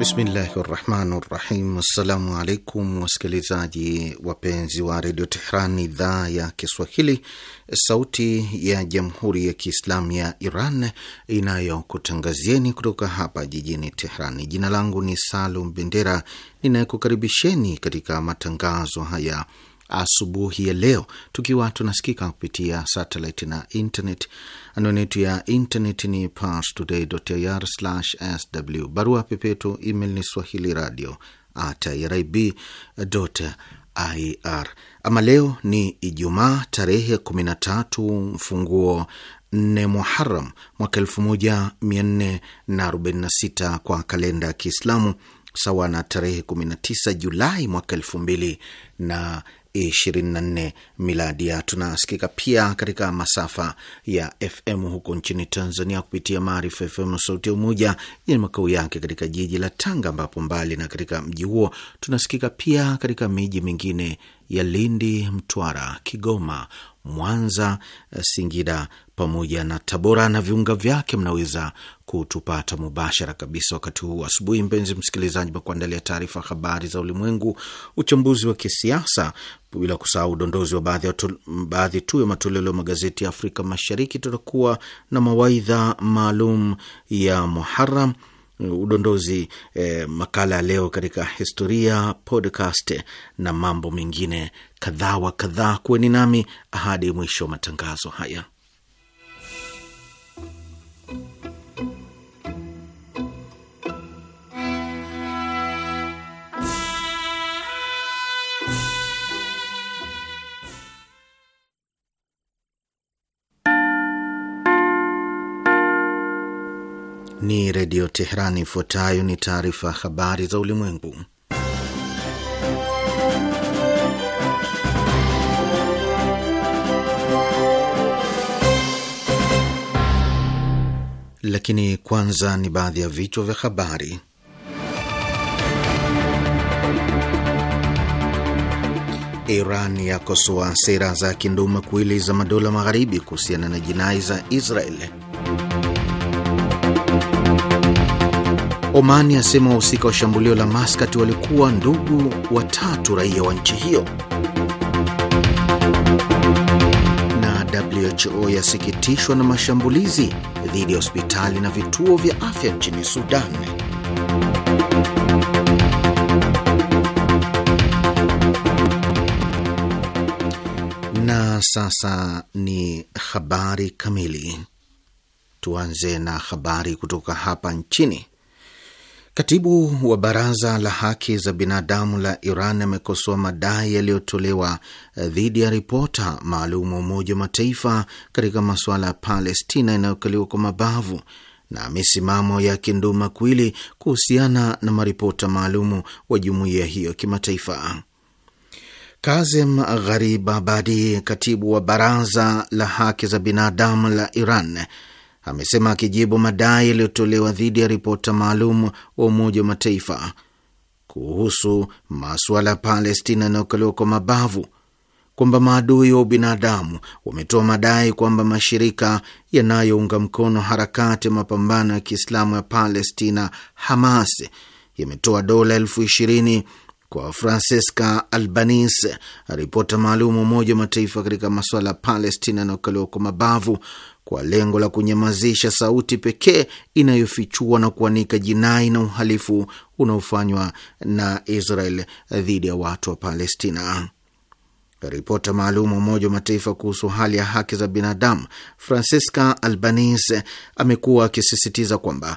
Bismillahi rahmani rahim. Assalamu alaikum wasikilizaji wapenzi wa redio Tehran, idhaa ya Kiswahili, sauti ya jamhuri ya Kiislamu ya Iran inayokutangazieni kutoka hapa jijini Tehran. Jina langu ni Salum Bendera ninayekukaribisheni katika matangazo haya asubuhi ya leo, tukiwa tunasikika kupitia satellite na internet. Anwani yetu ya internet ni parstoday.ir/sw, barua pepetu email ni swahili radio at irib.ir. Ama leo ni Ijumaa tarehe 13 mfunguo 4 Muharam mwaka sita kwa kalenda ya Kiislamu, sawa na tarehe 19 Julai mwaka elfu mbili na 24 miladia. Tunasikika pia katika masafa ya FM huko nchini Tanzania kupitia Maarifa FM Sauti ya Umoja yenye makao yake katika jiji la Tanga, ambapo mbali na katika mji huo tunasikika pia katika miji mingine ya Lindi, Mtwara, Kigoma, Mwanza, Singida pamoja na Tabora na viunga vyake, mnaweza kutupata mubashara kabisa wakati huu asubuhi. Mpenzi msikilizaji, mekuandalia taarifa habari za ulimwengu, uchambuzi wa kisiasa, bila kusahau udondozi wa baadhi, baadhi tu ya matoleo ya magazeti ya Afrika Mashariki. Tutakuwa na mawaidha maalum ya Muharam, udondozi eh, makala ya leo katika historia, podcast na mambo mengine kadhaa wa kadhaa. Kuweni nami hadi mwisho wa matangazo haya. ni Redio Teheran. Ifuatayo ni taarifa ya habari za ulimwengu, lakini kwanza ni baadhi ya vichwa vya habari. Iran yakosoa sera za kindumakuwili za madola magharibi kuhusiana na jinai za Israeli. Omani asema wahusika wa shambulio la Maskati walikuwa ndugu watatu raia wa nchi hiyo. Na WHO yasikitishwa na mashambulizi dhidi ya hospitali na vituo vya afya nchini Sudan. Na sasa ni habari kamili. Tuanze na habari kutoka hapa nchini. Katibu wa Baraza la Haki za Binadamu la Iran amekosoa madai yaliyotolewa eh, dhidi ya ripota maalum wa Umoja wa Mataifa katika masuala ya Palestina inayokaliwa kwa mabavu na misimamo ya kinduma kwili kuhusiana na maripota maalumu wa jumuiya hiyo ya kimataifa. Kazem Gharib Abadi, katibu wa Baraza la Haki za Binadamu la Iran amesema akijibu madai yaliyotolewa dhidi ya ripota maalum wa Umoja wa Mataifa kuhusu masuala ya Palestina yanayokaliwa kwa mabavu kwamba maadui wa ubinadamu wametoa madai kwamba mashirika yanayounga mkono harakati ya mapambano ya Kiislamu ya Palestina, Hamas, yametoa dola elfu ishirini kwa Francesca Albanese, ripota maalum wa Umoja wa Mataifa katika masuala ya Palestina yanayokaliwa kwa mabavu kwa lengo la kunyamazisha sauti pekee inayofichua na kuanika jinai na uhalifu unaofanywa na Israel dhidi ya watu wa Palestina. Ripota maalum wa Umoja wa Mataifa kuhusu hali ya haki za binadamu Francisca Albanese amekuwa akisisitiza kwamba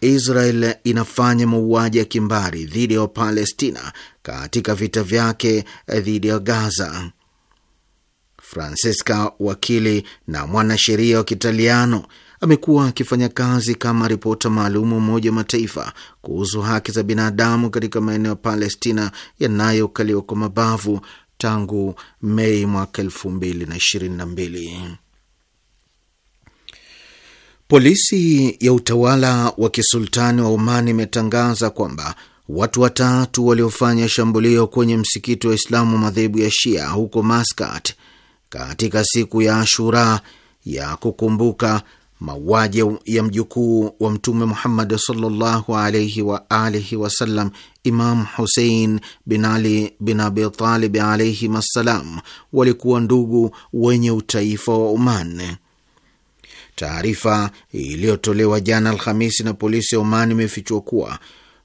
Israel inafanya mauaji ya kimbari dhidi ya Wapalestina katika vita vyake dhidi ya Gaza. Francesca, wakili na mwanasheria wa Kitaliano, amekuwa akifanya kazi kama ripota maalum wa Umoja wa Mataifa kuhusu haki za binadamu katika maeneo ya Palestina yanayokaliwa kwa mabavu tangu Mei mwaka elfu mbili na ishirini na mbili. Polisi ya utawala wa kisultani wa Oman imetangaza kwamba watu watatu waliofanya shambulio kwenye msikiti wa Islamu madhehebu ya Shia huko Maskat katika siku ya Ashura ya kukumbuka mauaji ya mjukuu wa Mtume Muhammad sallallahu alaihi wa alihi wasallam, Imam Husein bin Ali bin Abitalib alaihim assalam, walikuwa ndugu wenye utaifa wa Oman. Taarifa iliyotolewa jana Alhamisi na polisi ya Oman imefichua kuwa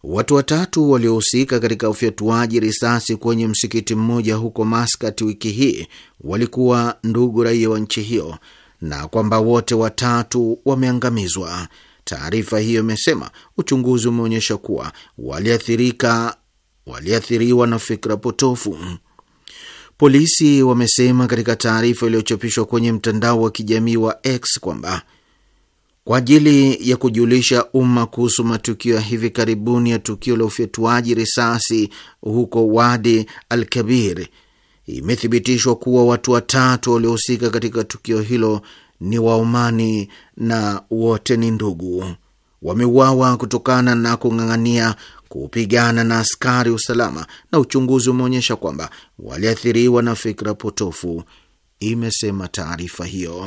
Watu watatu waliohusika katika ufyatuaji risasi kwenye msikiti mmoja huko Maskati wiki hii walikuwa ndugu raia wa nchi hiyo na kwamba wote watatu wameangamizwa. Taarifa hiyo imesema uchunguzi umeonyesha kuwa waliathirika waliathiriwa na fikra potofu. Polisi wamesema katika taarifa iliyochapishwa kwenye mtandao wa kijamii wa X kwamba kwa ajili ya kujulisha umma kuhusu matukio ya hivi karibuni ya tukio la ufyatuaji risasi huko Wadi al Kabir, imethibitishwa kuwa watu watatu waliohusika katika tukio hilo ni waumani na wote ni ndugu. Wameuawa kutokana na kung'ang'ania kupigana na askari usalama, na uchunguzi umeonyesha kwamba waliathiriwa na fikra potofu, imesema taarifa hiyo.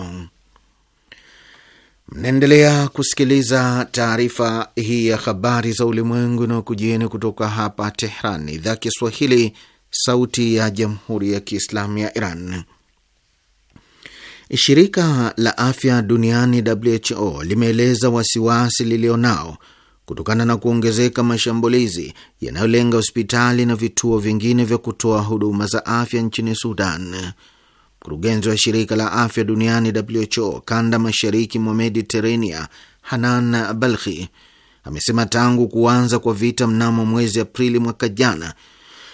Mnaendelea kusikiliza taarifa hii ya habari za ulimwengu na kujieni kutoka hapa Tehran, idhaa Kiswahili, sauti ya jamhuri ya kiislamu ya Iran. Shirika la afya duniani WHO limeeleza wasiwasi lilionao kutokana na kuongezeka mashambulizi yanayolenga hospitali na vituo vingine vya kutoa huduma za afya nchini Sudan. Mkurugenzi wa shirika la afya duniani WHO kanda mashariki mwa Mediterania, Hanan Balkhi, amesema tangu kuanza kwa vita mnamo mwezi Aprili mwaka jana,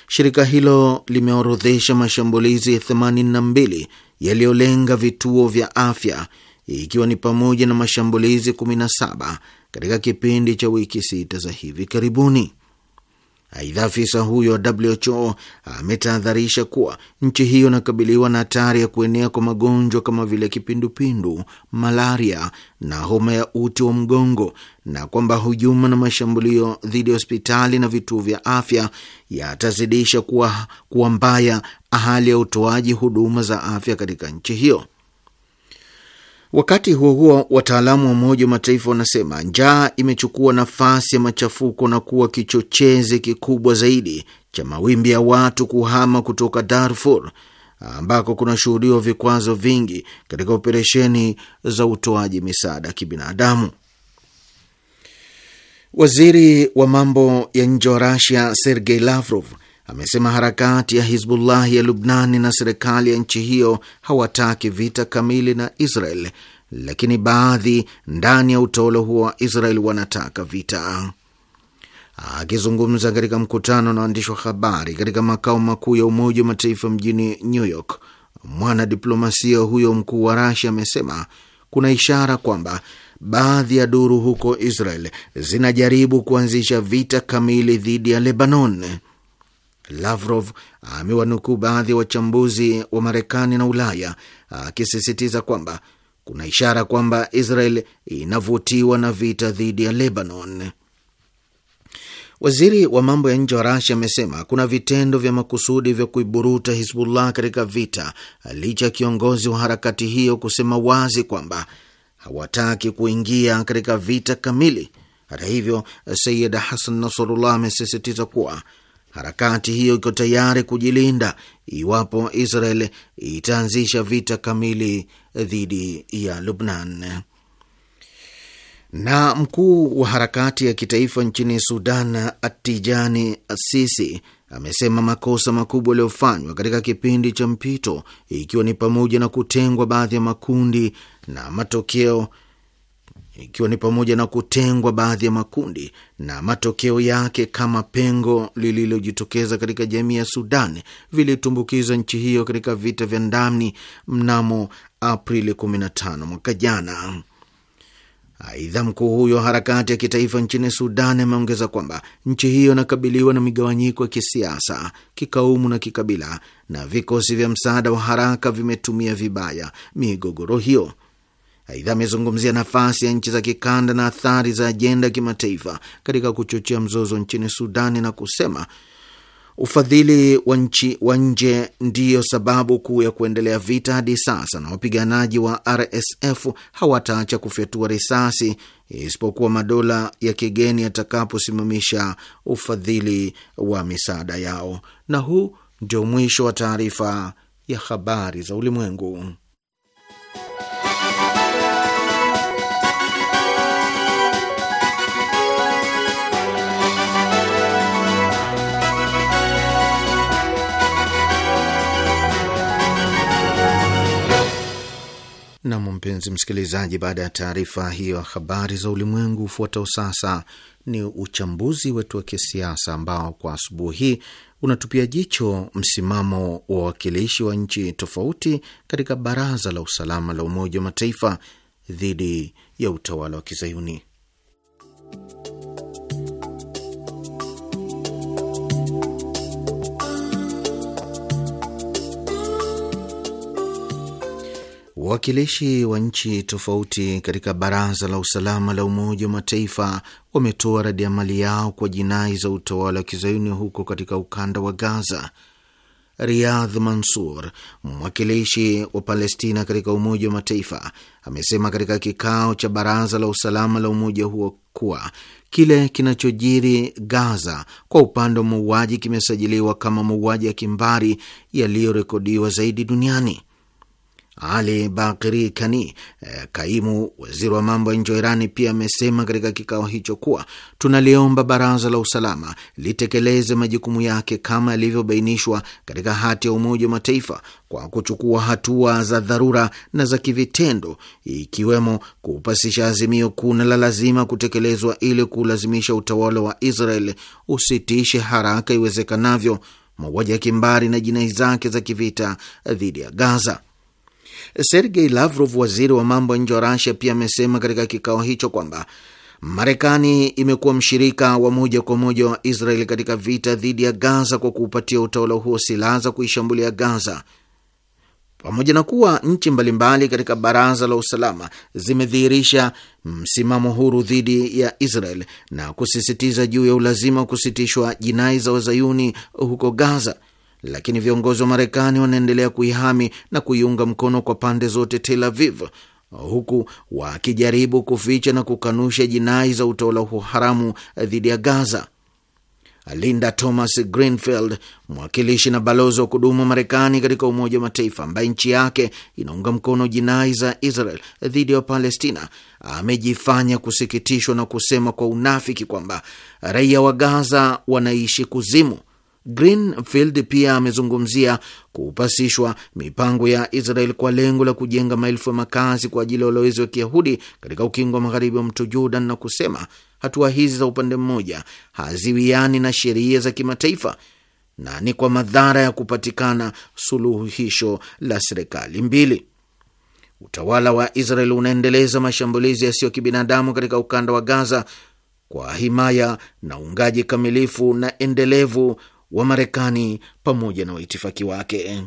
shirika hilo limeorodhesha mashambulizi 82 yaliyolenga vituo vya afya ikiwa ni pamoja na mashambulizi 17 katika kipindi cha wiki sita za hivi karibuni. Aidha, afisa huyo wa WHO ametahadharisha kuwa nchi hiyo inakabiliwa na hatari ya kuenea kwa magonjwa kama vile kipindupindu, malaria na homa ya uti wa mgongo, na kwamba hujuma na mashambulio dhidi ya hospitali na vituo vya afya yatazidisha kuwa, kuwa mbaya hali ya utoaji huduma za afya katika nchi hiyo. Wakati huo huo, wataalamu wa Umoja wa Mataifa wanasema njaa imechukua nafasi ya machafuko na kuwa kichochezi kikubwa zaidi cha mawimbi ya watu kuhama kutoka Darfur ambako kunashuhudiwa vikwazo vingi katika operesheni za utoaji misaada ya kibinadamu. Waziri wa mambo ya nje wa Rasia Sergei Lavrov amesema harakati ya Hizbullah ya Lubnani na serikali ya nchi hiyo hawataki vita kamili na Israel, lakini baadhi ndani ya utawala huo wa Israel wanataka vita. Akizungumza katika mkutano na waandishi wa habari katika makao makuu ya Umoja wa Mataifa mjini New York, mwanadiplomasia huyo mkuu wa Rasia amesema kuna ishara kwamba baadhi ya duru huko Israel zinajaribu kuanzisha vita kamili dhidi ya Lebanon. Lavrov amewanukuu baadhi ya wachambuzi wa Marekani na Ulaya akisisitiza kwamba kuna ishara kwamba Israel inavutiwa na vita dhidi ya Lebanon. Waziri wa mambo ya nje wa Rasia amesema kuna vitendo vya makusudi vya kuiburuta Hizbullah katika vita, licha ya kiongozi wa harakati hiyo kusema wazi kwamba hawataki kuingia katika vita kamili. Hata hivyo, Sayid Hasan Nasrullah amesisitiza kuwa harakati hiyo iko tayari kujilinda iwapo Israel itaanzisha vita kamili dhidi ya Lubnan. Na mkuu wa harakati ya kitaifa nchini Sudan, Atijani Asisi, amesema makosa makubwa yaliyofanywa katika kipindi cha mpito, ikiwa ni pamoja na kutengwa baadhi ya makundi na matokeo ikiwa ni pamoja na kutengwa baadhi ya makundi na matokeo yake kama pengo lililojitokeza katika jamii ya Sudan vilitumbukiza nchi hiyo katika vita vya ndani mnamo Aprili 15 mwaka jana. Aidha, mkuu huyo wa harakati ya kitaifa nchini Sudan ameongeza kwamba nchi hiyo inakabiliwa na migawanyiko ya kisiasa, kikaumu na kikabila, na vikosi vya msaada wa haraka vimetumia vibaya migogoro hiyo. Aidha, amezungumzia nafasi ya nchi za kikanda na athari za ajenda ya kimataifa katika kuchochea mzozo nchini Sudani na kusema ufadhili wa nchi wa nje ndiyo sababu kuu ya kuendelea vita hadi sasa, na wapiganaji wa RSF hawataacha kufyatua risasi isipokuwa madola ya kigeni yatakaposimamisha ufadhili wa misaada yao. Na huu ndio mwisho wa taarifa ya habari za ulimwengu. Nam, mpenzi msikilizaji, baada ya taarifa hiyo habari za ulimwengu, hufuatao sasa ni uchambuzi wetu wa kisiasa ambao kwa asubuhi hii unatupia jicho msimamo wa wawakilishi wa nchi tofauti katika Baraza la Usalama la Umoja wa Mataifa dhidi ya utawala wa Kizayuni. Wawakilishi wa nchi tofauti katika Baraza la Usalama la Umoja wa Mataifa wametoa radiamali yao kwa jinai za utawala wa kizayuni huko katika ukanda wa Gaza. Riyadh Mansur, mwakilishi wa Palestina katika Umoja wa Mataifa, amesema katika kikao cha Baraza la Usalama la umoja huo kuwa kile kinachojiri Gaza kwa upande wa mauaji kimesajiliwa kama mauaji ya kimbari yaliyorekodiwa zaidi duniani. Ali Bakiri Kani, eh, kaimu waziri wa mambo ya nje wa Irani, pia amesema katika kikao hicho kuwa tunaliomba Baraza la Usalama litekeleze majukumu yake kama yalivyobainishwa katika hati ya Umoja wa Mataifa kwa kuchukua hatua za dharura na za kivitendo, ikiwemo kupasisha azimio kuna la lazima kutekelezwa ili kulazimisha utawala wa Israel usitishe haraka iwezekanavyo mauaji ya kimbari na jinai zake za kivita dhidi ya Gaza. Sergei Lavrov, waziri wa mambo ya nje wa Rasia, pia amesema katika kikao hicho kwamba Marekani imekuwa mshirika wa moja kwa moja wa Israeli katika vita dhidi ya Gaza kwa kuupatia utawala huo silaha za kuishambulia Gaza. Pamoja na kuwa nchi mbalimbali katika Baraza la Usalama zimedhihirisha msimamo huru dhidi ya Israel na kusisitiza juu ya ulazima wa kusitishwa jinai za wazayuni huko Gaza, lakini viongozi wa Marekani wanaendelea kuihami na kuiunga mkono kwa pande zote Tel Aviv, huku wakijaribu kuficha na kukanusha jinai za utawala huo haramu dhidi ya Gaza. Linda Thomas Greenfield, mwakilishi na balozi wa kudumu wa Marekani katika Umoja wa Mataifa, ambaye nchi yake inaunga mkono jinai za Israel dhidi ya Palestina, amejifanya kusikitishwa na kusema kwa unafiki kwamba raia wa Gaza wanaishi kuzimu Greenfield pia amezungumzia kupasishwa mipango ya Israel kwa lengo la kujenga maelfu ya makazi kwa ajili ya walowezi wa Kiyahudi katika ukingo wa magharibi wa mto Jordan na kusema hatua hizi za upande mmoja haziwiani na sheria za kimataifa na ni kwa madhara ya kupatikana suluhisho la serikali mbili. Utawala wa Israel unaendeleza mashambulizi yasiyo kibinadamu katika ukanda wa Gaza kwa himaya na uungaji kamilifu na endelevu wa Marekani pamoja na waitifaki wake.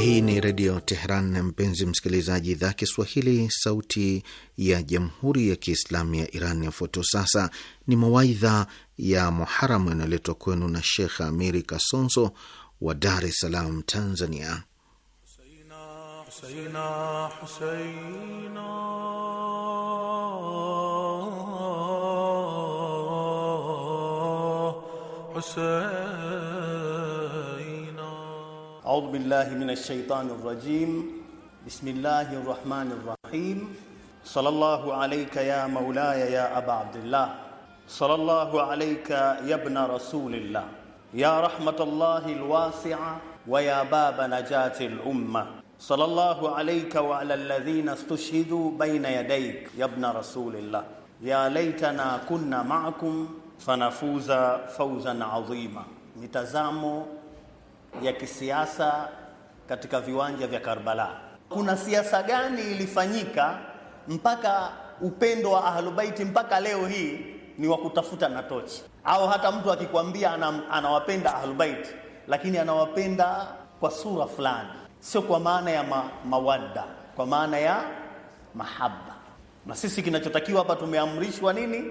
Hii ni Redio Teheran, mpenzi msikilizaji, idhaa Kiswahili, sauti ya jamhuri ya kiislamu ya Iran. yafoto sasa ni mawaidha ya Muharamu yanayoletwa kwenu na Shekh Amiri Kasonso wa Dar es Salaam, Tanzania. حسينا حسينا حسينا أعوذ بالله من الشيطان الرجيم بسم الله الرحمن الرحيم صلى الله عليك يا مولاي يا أبا عبد الله صلى الله عليك يا ابن رسول الله يا رحمة الله الواسعة ويا باب نجاة الأمة sallallahu alayka wa ala alladhina istushhidu bayna yadayk ya ibn rasulillah ya laitana kunna ma'akum fanafuza fawzan adhima. Mitazamo ya kisiasa katika viwanja vya Karbala. Kuna siasa gani ilifanyika mpaka upendo wa Ahlubaiti mpaka leo hii ni wa kutafuta na tochi? Au hata mtu akikwambia anawapenda Ahlubaiti, lakini anawapenda kwa sura fulani sio kwa maana ya ma, mawadda, kwa maana ya mahaba. Na sisi kinachotakiwa hapa tumeamrishwa nini?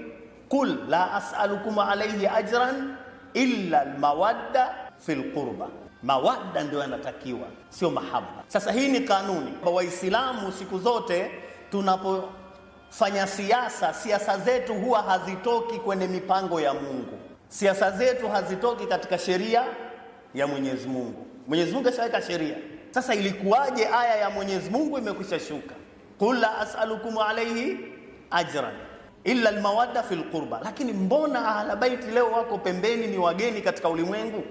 Kul la as'alukum alayhi ajran illa almawadda fil qurba. Mawadda ndio yanatakiwa, sio mahaba. Sasa hii ni kanuni kwa Waislamu. Siku zote tunapofanya siasa, siasa zetu huwa hazitoki kwenye mipango ya Mungu, siasa zetu hazitoki katika sheria ya Mwenyezi Mungu. Mwenyezi Mungu ashaweka sheria sasa ilikuwaje aya ya Mwenyezi Mungu imekwisha shuka? Qul la as'alukum alayhi ajran illa almawadda fil qurba. Lakini mbona ahla baiti leo wako pembeni, ni wageni katika ulimwengu,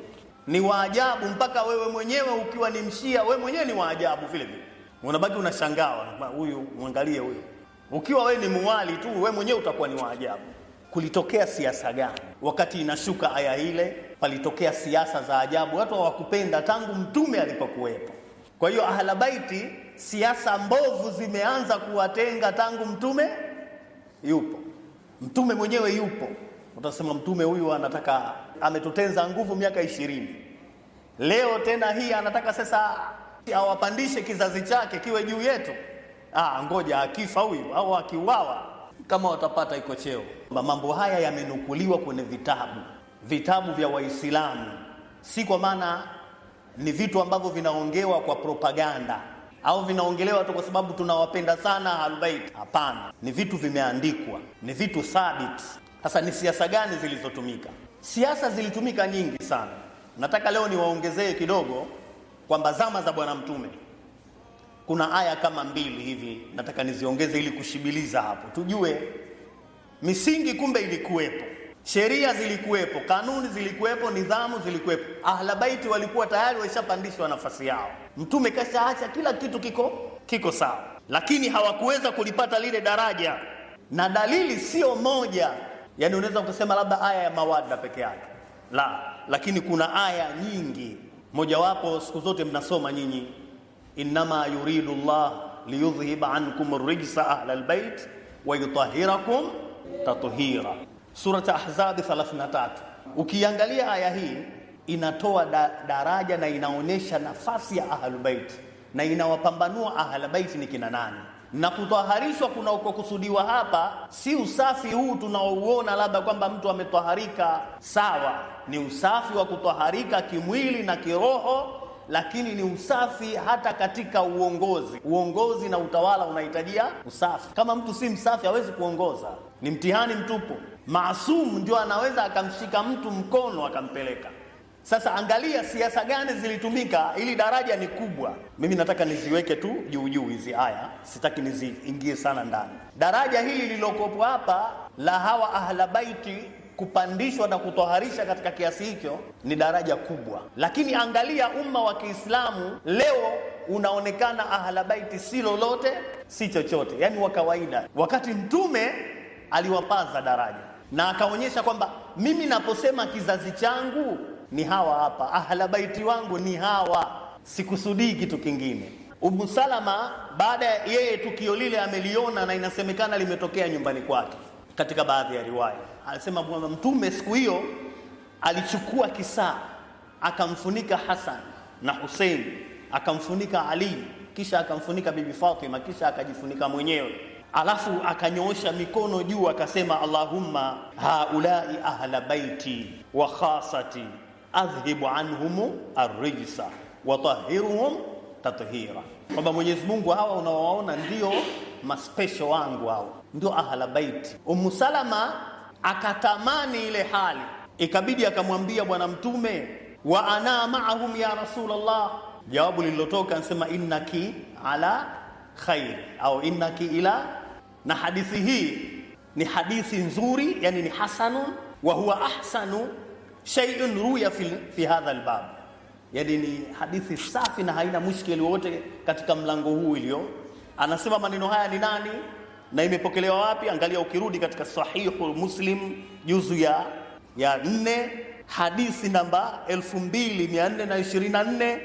ni waajabu, mpaka wewe mwenyewe ukiwa ni mshia, wewe mwenyewe ni waajabu vile vile, unabaki unashangaa, huyu mwangalie huyu. Ukiwa wewe ni muwali tu, wewe mwenyewe utakuwa ni waajabu. Kulitokea siasa gani wakati inashuka aya ile? Palitokea siasa za ajabu, watu hawakupenda tangu mtume alipokuwepo. Kwa hiyo ahla baiti, siasa mbovu zimeanza kuwatenga tangu mtume yupo, mtume mwenyewe yupo. Utasema mtume huyu anataka ametutenza nguvu miaka ishirini, leo tena hii anataka sasa awapandishe kizazi chake kiwe juu yetu. Ah, ngoja akifa huyu au akiuawa kama watapata iko cheo. Mambo haya yamenukuliwa kwenye vitabu vitabu vya Waislamu, si kwa maana ni vitu ambavyo vinaongewa kwa propaganda au vinaongelewa tu kwa sababu tunawapenda sana Ahlulbeit. Hapana, ni vitu vimeandikwa, ni vitu thabit. Sasa ni siasa gani zilizotumika? Siasa zilitumika nyingi sana. Nataka leo niwaongezee kidogo kwamba zama za Bwana Mtume kuna aya kama mbili hivi nataka niziongeze ili kushibiliza hapo, tujue misingi kumbe ilikuwepo. Sheria zilikuwepo, kanuni zilikuwepo, nidhamu zilikuwepo. Ahlabaiti walikuwa tayari waishapandishwa nafasi yao, mtume kashaacha, kila kitu kiko kiko sawa, lakini hawakuweza kulipata lile daraja, na dalili sio moja. Yani unaweza kusema labda aya ya mawadda peke yake, la, lakini kuna aya nyingi, mojawapo siku zote mnasoma nyinyi, innama yuridu llah liyudhhiba ankum rijsa ahla lbait wayutahirakum tathira Surat Ahzab 33. Ukiangalia aya hii inatoa da, daraja na inaonyesha nafasi ya ahlulbait na inawapambanua ahlulbait ni kina nani, na kutwaharishwa kunakokusudiwa hapa si usafi huu tunaouona labda kwamba mtu ametwaharika. Sawa, ni usafi wa kutwaharika kimwili na kiroho lakini ni usafi hata katika uongozi. Uongozi na utawala unahitajia usafi. Kama mtu si msafi hawezi kuongoza, ni mtihani mtupu. Maasum ndio anaweza akamshika mtu mkono akampeleka. Sasa angalia siasa gani zilitumika ili daraja ni kubwa. Mimi nataka niziweke tu juu juu hizi aya, sitaki niziingie sana ndani. Daraja hili lilokopwa hapa la hawa ahlabaiti kupandishwa na kutoharisha katika kiasi hicho ni daraja kubwa, lakini angalia umma wa Kiislamu leo unaonekana ahlabaiti si lolote si chochote, yani wa kawaida, wakati mtume aliwapaza daraja na akaonyesha kwamba mimi naposema kizazi changu ni hawa hapa, ahla baiti wangu ni hawa, sikusudii kitu kingine. Umu Salama baada ya yeye tukio lile ameliona na inasemekana limetokea nyumbani kwake katika baadhi ya riwaya, anasema kwamba Mtume siku hiyo alichukua kisaa akamfunika Hasan na Husein, akamfunika Ali, kisha akamfunika Bibi Fatima, kisha akajifunika mwenyewe alafu akanyoosha mikono juu akasema, Allahumma haulai ahla baiti wa khasati adhhibu anhum arrijsa watahiruhum tathira, kwamba Mwenyezi Mungu, hawa unaowaona ndio maspesho wangu, hawa ndio ahla baiti. Umu Salama akatamani ile hali, ikabidi akamwambia Bwana Mtume, wa ana maahum ya Rasulullah. Jawabu lililotoka anasema innaki ala khair au innaki ila na hadithi hii ni hadithi nzuri, yani ni hasanun wa huwa ahsanu shay'un ruya fi, fi hadha albab, yani ni hadithi safi na haina mushkeli wowote katika mlango huu iliyo. Anasema maneno haya ni nani na imepokelewa wapi? Angalia ukirudi katika Sahihu Muslim juzu ya ya nne hadithi namba 2424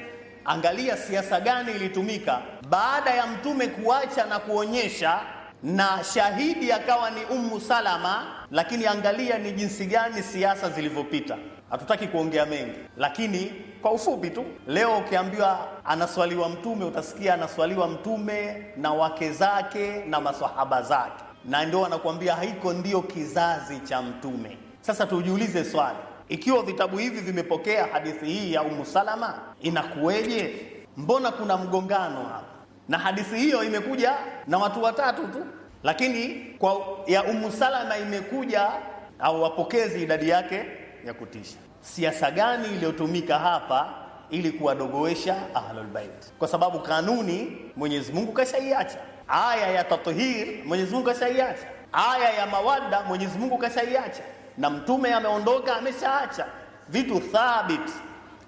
angalia siasa gani ilitumika baada ya mtume kuacha na kuonyesha na shahidi akawa ni umu Salama. Lakini angalia ni jinsi gani siasa zilivyopita. Hatutaki kuongea mengi, lakini kwa ufupi tu, leo ukiambiwa anaswaliwa Mtume utasikia anaswaliwa Mtume na wake zake na maswahaba zake, na ndio wanakuambia haiko ndio kizazi cha Mtume. Sasa tujiulize swali, ikiwa vitabu hivi vimepokea hadithi hii ya umu Salama, inakuweje? Mbona kuna mgongano hapa? na hadithi hiyo imekuja na watu watatu tu, lakini kwa ya Umu Salama imekuja au wapokezi idadi yake ya kutisha. Siasa gani iliyotumika hapa ili kuwadogoesha Ahlul Bait? Kwa sababu kanuni Mwenyezi Mungu kashaiacha. Aya ya tathir Mwenyezi Mungu kashaiacha. Aya ya mawadda Mwenyezi Mungu kashaiacha, na mtume ameondoka ameshaacha vitu thabit,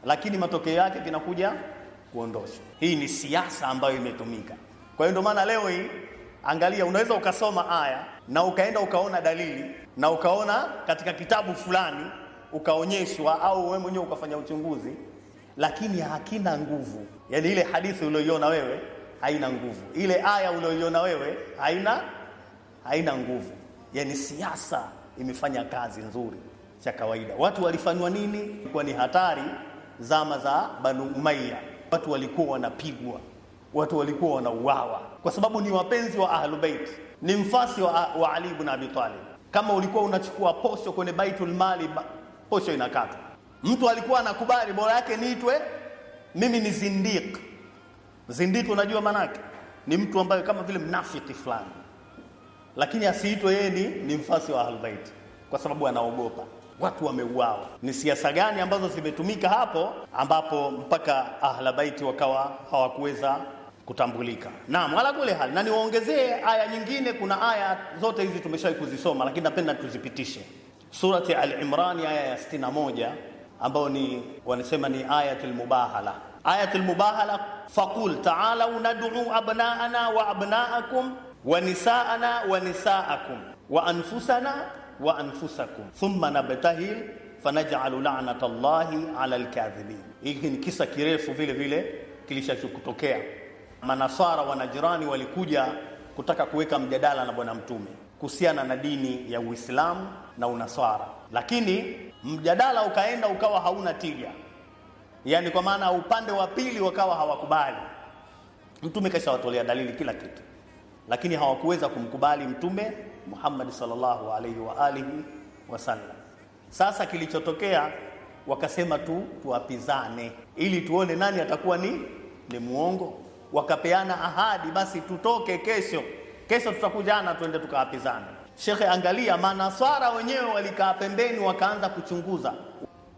lakini matokeo yake vinakuja kuondoshwa. Hii ni siasa ambayo imetumika. Kwa hiyo ndio maana leo hii, angalia, unaweza ukasoma aya na ukaenda ukaona dalili na ukaona katika kitabu fulani ukaonyeshwa, au wewe mwenyewe ukafanya uchunguzi, lakini hakina nguvu. Yaani ile hadithi ulioiona wewe haina nguvu, ile aya ulioiona wewe haina haina nguvu. Yaani siasa imefanya kazi nzuri. Cha kawaida watu walifanywa nini? Ilikuwa ni hatari zama za Banu Umayya watu walikuwa wanapigwa, watu walikuwa wanauawa, kwa sababu ni wapenzi wa Ahlubeit, ni mfasi wa, wa Ali ibn Abi Talib. Kama ulikuwa unachukua posho kwenye Baitul Mali, posho inakatwa. Mtu alikuwa anakubali, bora yake niitwe mimi ni zindiq. Zindiq unajua manake ni mtu ambaye kama vile mnafiki fulani, lakini asiitwe yeye ni, ni mfasi wa Ahlulbait kwa sababu anaogopa watu wameuawa. Ni siasa gani ambazo zimetumika hapo ambapo mpaka ahlabaiti wakawa hawakuweza kutambulika? Naam, wala kule hali. Na niwaongezee aya nyingine, kuna aya zote hizi tumeshawahi kuzisoma, lakini napenda tuzipitishe. Surati Al-Imran aya ya 61 ambayo ni wanasema ni ayatul mubahala. Ayatul mubahala, faqul ta'alau nad'u abna'ana wa abna'akum wa nisa'ana wa nisa'akum wa anfusana wa anfusakum thumma nabtahil fanaj'alu la'nata Allahi 'ala lkadhibin Hiki ni kisa kirefu vile vile kilishachokutokea Manasara wanajirani walikuja kutaka kuweka mjadala na Bwana Mtume kuhusiana na dini ya Uislamu na unasara lakini mjadala ukaenda ukawa hauna tija, yaani kwa maana upande wa pili wakawa hawakubali Mtume. watolea dalili kila kitu, lakini hawakuweza kumkubali Mtume Muhammad sallallahu alaihi wa alihi wasallam. Sasa kilichotokea wakasema tu tuwapizane ili tuone nani atakuwa ni ni muongo. Wakapeana ahadi, basi tutoke kesho, kesho tutakujana, tuende tukaapizane. Shekhe, angalia, manaswara wenyewe walikaa pembeni, wakaanza kuchunguza.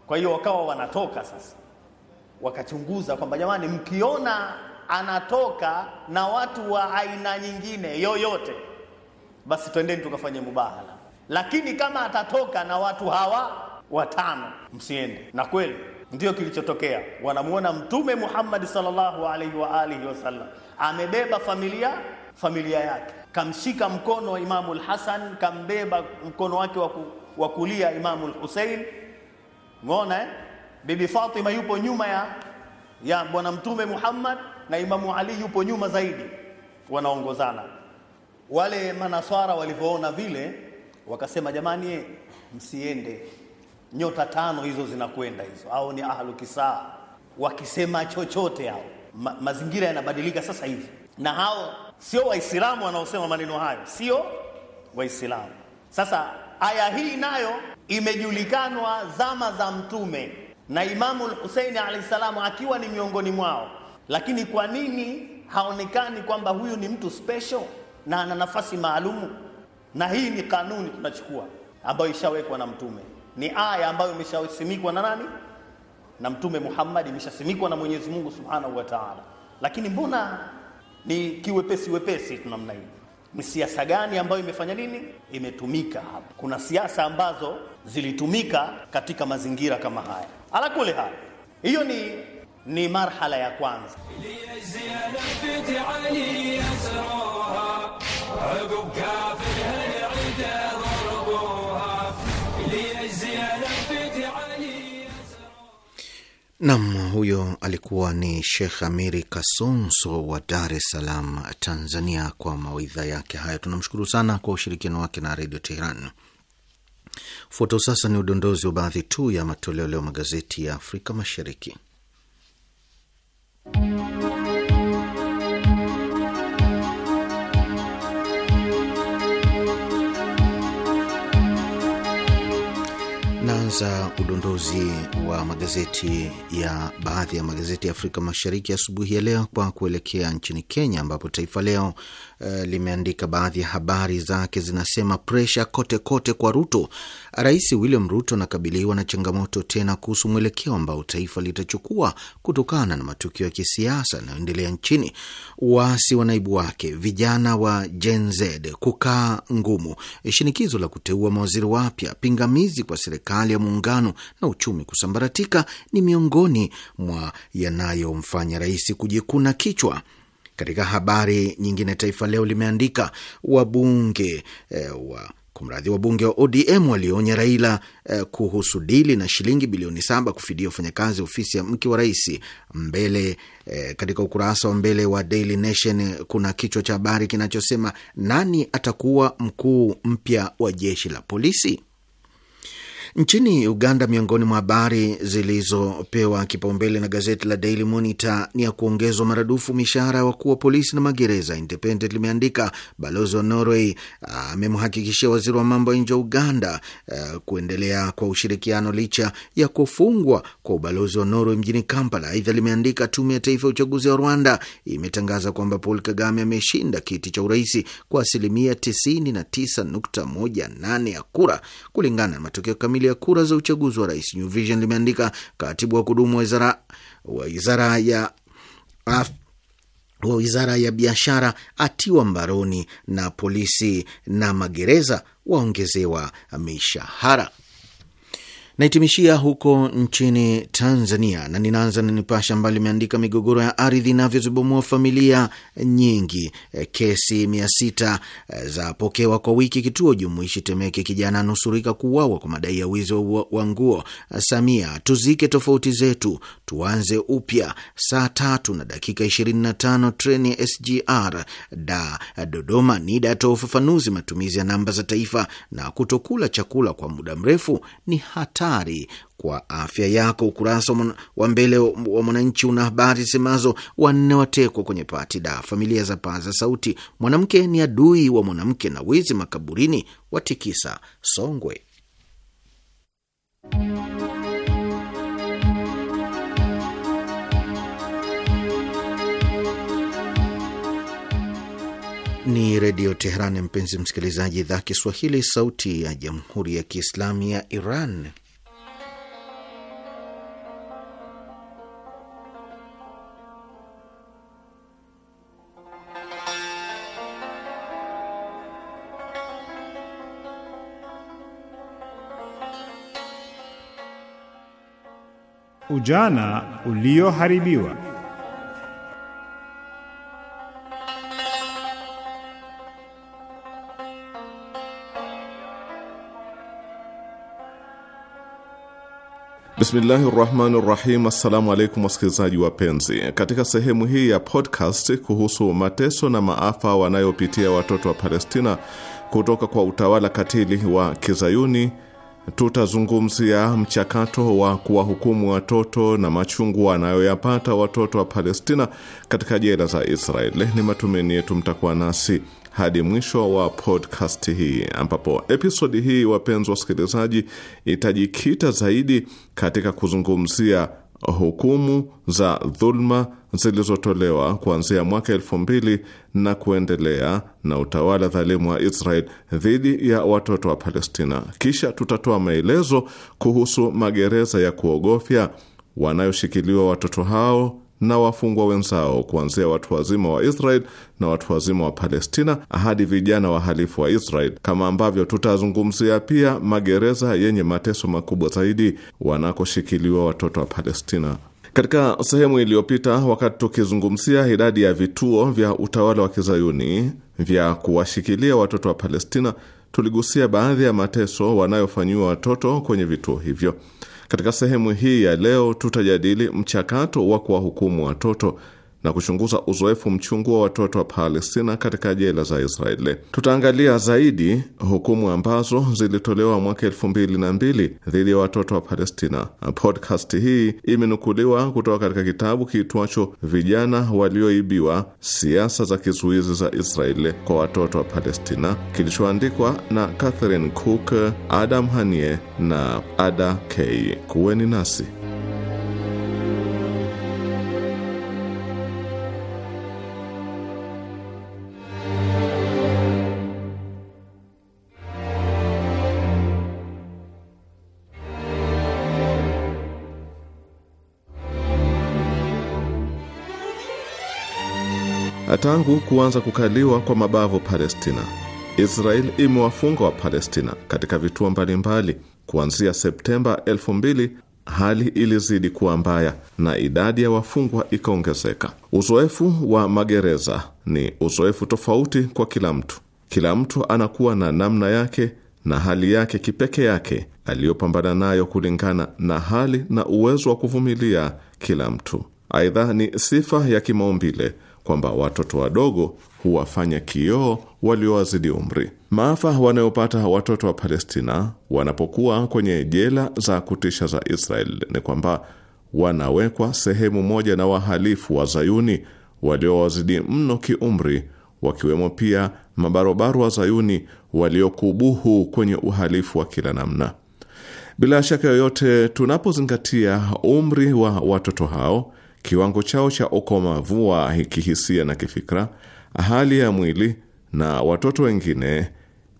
Kwa hiyo wakawa wanatoka sasa, wakachunguza kwamba jamani, mkiona anatoka na watu wa aina nyingine yoyote basi twendeni tukafanye mubahala, lakini kama atatoka na watu hawa watano, msiende. Na kweli ndio kilichotokea, wanamuona Mtume Muhammad sallallahu alaihi wa alihi wasallam amebeba familia familia yake, kamshika mkono wa Imamu Lhasan, kambeba mkono wake wa kulia Imamu Lhusein. Umeona eh? Bibi Fatima yupo nyuma ya ya Bwana Mtume Muhammad na Imamu Ali yupo nyuma zaidi, wanaongozana wale manaswara walivyoona vile wakasema, jamani, msiende, nyota tano hizo zinakwenda hizo, au ni ahlu kisaa, wakisema chochote hao Ma, mazingira yanabadilika sasa hivi, na hao sio Waislamu wanaosema maneno hayo, sio Waislamu. Sasa aya hii nayo imejulikanwa zama za Mtume na Imamu Huseini alahi salamu akiwa ni miongoni mwao, lakini kwa nini haonekani kwamba huyu ni mtu special? na ana nafasi maalumu, na hii ni kanuni tunachukua ambayo ishawekwa na Mtume, ni aya ambayo imeshasimikwa na nani? Na Mtume Muhammad, imeshasimikwa na Mwenyezi Mungu Subhanahu wa Ta'ala. Lakini mbona ni kiwepesi wepesi tu namna hii? Ni siasa gani ambayo imefanya nini, imetumika hapa? Kuna siasa ambazo zilitumika katika mazingira kama haya. Ala kule hali hiyo ni ni marhala ya kwanza. Nam, huyo alikuwa ni Shekh Amiri Kasonso wa Dar es Salaam, Tanzania, kwa mawaidha yake haya. Tunamshukuru sana kwa ushirikiano wake na Redio Teheran. foto sasa ni udondozi wa baadhi tu ya matoleo leo magazeti ya Afrika Mashariki. kuanza udondozi wa magazeti ya baadhi ya magazeti ya Afrika Mashariki asubuhi ya, ya leo kwa kuelekea nchini Kenya ambapo Taifa Leo Eh, limeandika baadhi ya habari zake zinasema: presha kote kote kwa Ruto. Rais William Ruto anakabiliwa na changamoto tena kuhusu mwelekeo ambao taifa litachukua kutokana na matukio ya kisiasa yanayoendelea nchini, uasi wa naibu wake, vijana wa Gen Z kukaa ngumu, eh, shinikizo la kuteua mawaziri wapya, pingamizi kwa serikali ya muungano na uchumi kusambaratika, ni miongoni mwa yanayomfanya rais kujikuna kichwa. Katika habari nyingine, Taifa Leo limeandika wabunge e, wa kumradhi, wabunge wa ODM walionya Raila eh, kuhusu dili na shilingi bilioni saba kufidia wafanyakazi ofisi ya mke wa rais mbele. Eh, katika ukurasa wa mbele wa Daily Nation kuna kichwa cha habari kinachosema nani atakuwa mkuu mpya wa jeshi la polisi? Nchini Uganda, miongoni mwa habari zilizopewa kipaumbele na gazeti la Daily Monitor ni ya kuongezwa maradufu mishahara ya wakuu wa polisi na magereza. Independent limeandika balozi wa Norway ah, amemhakikishia waziri wa mambo ya nje wa Uganda a, ah, kuendelea kwa ushirikiano licha ya kufungwa kwa ubalozi wa Norway mjini Kampala. Aidha limeandika tume ya taifa ya uchaguzi wa Rwanda imetangaza kwamba Paul Kagame ameshinda kiti cha urahisi kwa asilimia 99.18 ya kura kulingana na matokeo kamili ya kura za uchaguzi wa rais. New Vision limeandika katibu wa kudumu wa wizara ya af wa wizara ya biashara atiwa mbaroni na polisi na magereza waongezewa mishahara. Naitimishia huko nchini Tanzania na ninaanza na Nipasha ambayo limeandika migogoro ya ardhi inavyozibomoa familia nyingi. E, kesi mia sita e, za pokewa kwa wiki kituo jumuishi Temeke. Kijana anusurika kuuawa kwa madai ya wizi wa nguo. E, Samia, tuzike tofauti zetu tuanze upya. Saa tatu na dakika 25 treni SGR da Dodoma. NIDA yatoa ufafanuzi matumizi ya namba za taifa, na kutokula chakula kwa muda mrefu ni hata hatari kwa afya yako. Ukurasa wa mbele wa Mwananchi una habari zisemazo wanne watekwa kwenye pati da, familia za paza sauti, mwanamke ni adui wa mwanamke, na wizi makaburini watikisa Songwe. Ni Redio Teheran, mpenzi msikilizaji, idhaa Kiswahili, sauti ya Jamhuri ya Kiislamu ya Iran. ujana ulioharibiwa. Bismillahi rahmani rahim. Assalamu alaikum wasikilizaji wapenzi, katika sehemu hii ya podcast kuhusu mateso na maafa wanayopitia watoto wa Palestina kutoka kwa utawala katili wa Kizayuni tutazungumzia mchakato wa kuwahukumu watoto na machungu wanayoyapata watoto wa Palestina katika jela za Israeli. Ni matumaini yetu mtakuwa nasi hadi mwisho wa podcast hii, ambapo episodi hii, wapenzi wasikilizaji, itajikita zaidi katika kuzungumzia hukumu za dhulma zilizotolewa kuanzia mwaka elfu mbili na kuendelea na utawala dhalimu wa Israel dhidi ya watoto wa Palestina. Kisha tutatoa maelezo kuhusu magereza ya kuogofya wanayoshikiliwa watoto hao na wafungwa wenzao kuanzia watu wazima wa Israel na watu wazima wa Palestina hadi vijana wahalifu wa Israel, kama ambavyo tutazungumzia pia magereza yenye mateso makubwa zaidi wanakoshikiliwa watoto wa Palestina. Katika sehemu iliyopita, wakati tukizungumzia idadi ya vituo vya utawala wa kizayuni vya kuwashikilia watoto wa Palestina, tuligusia baadhi ya mateso wanayofanyiwa watoto kwenye vituo hivyo. Katika sehemu hii ya leo tutajadili mchakato wa kuwahukumu watoto na kuchunguza uzoefu mchungu wa watoto wa Palestina katika jela za Israeli. Tutaangalia zaidi hukumu ambazo zilitolewa mwaka elfu mbili na mbili dhidi ya watoto wa Palestina. Podcast hii imenukuliwa kutoka katika kitabu kiitwacho Vijana Walioibiwa, Siasa za Kizuizi za Israeli kwa Watoto wa Palestina, kilichoandikwa na Catherine Cook, Adam Hanie na Ada K. Kuweni nasi. Tangu kuanza kukaliwa kwa mabavu Palestina, Israel imewafunga wa Palestina katika vituo mbalimbali. Kuanzia Septemba elfu hali ilizidi kuwa mbaya na idadi ya wafungwa ikaongezeka. Uzoefu wa magereza ni uzoefu tofauti kwa kila mtu. Kila mtu anakuwa na namna yake na hali yake kipeke yake aliyopambana nayo kulingana na hali na uwezo wa kuvumilia kila mtu. Aidha, ni sifa ya kimaumbile kwamba watoto wadogo huwafanya kioo waliowazidi umri. Maafa wanayopata watoto wa Palestina wanapokuwa kwenye jela za kutisha za Israel ni kwamba wanawekwa sehemu moja na wahalifu wa Zayuni waliowazidi mno kiumri, wakiwemo pia mabarobaro wa Zayuni waliokubuhu kwenye uhalifu wa kila namna. Bila shaka yoyote, tunapozingatia umri wa watoto hao kiwango chao cha ukomavu wa kihisia na kifikra, hali ya mwili na watoto wengine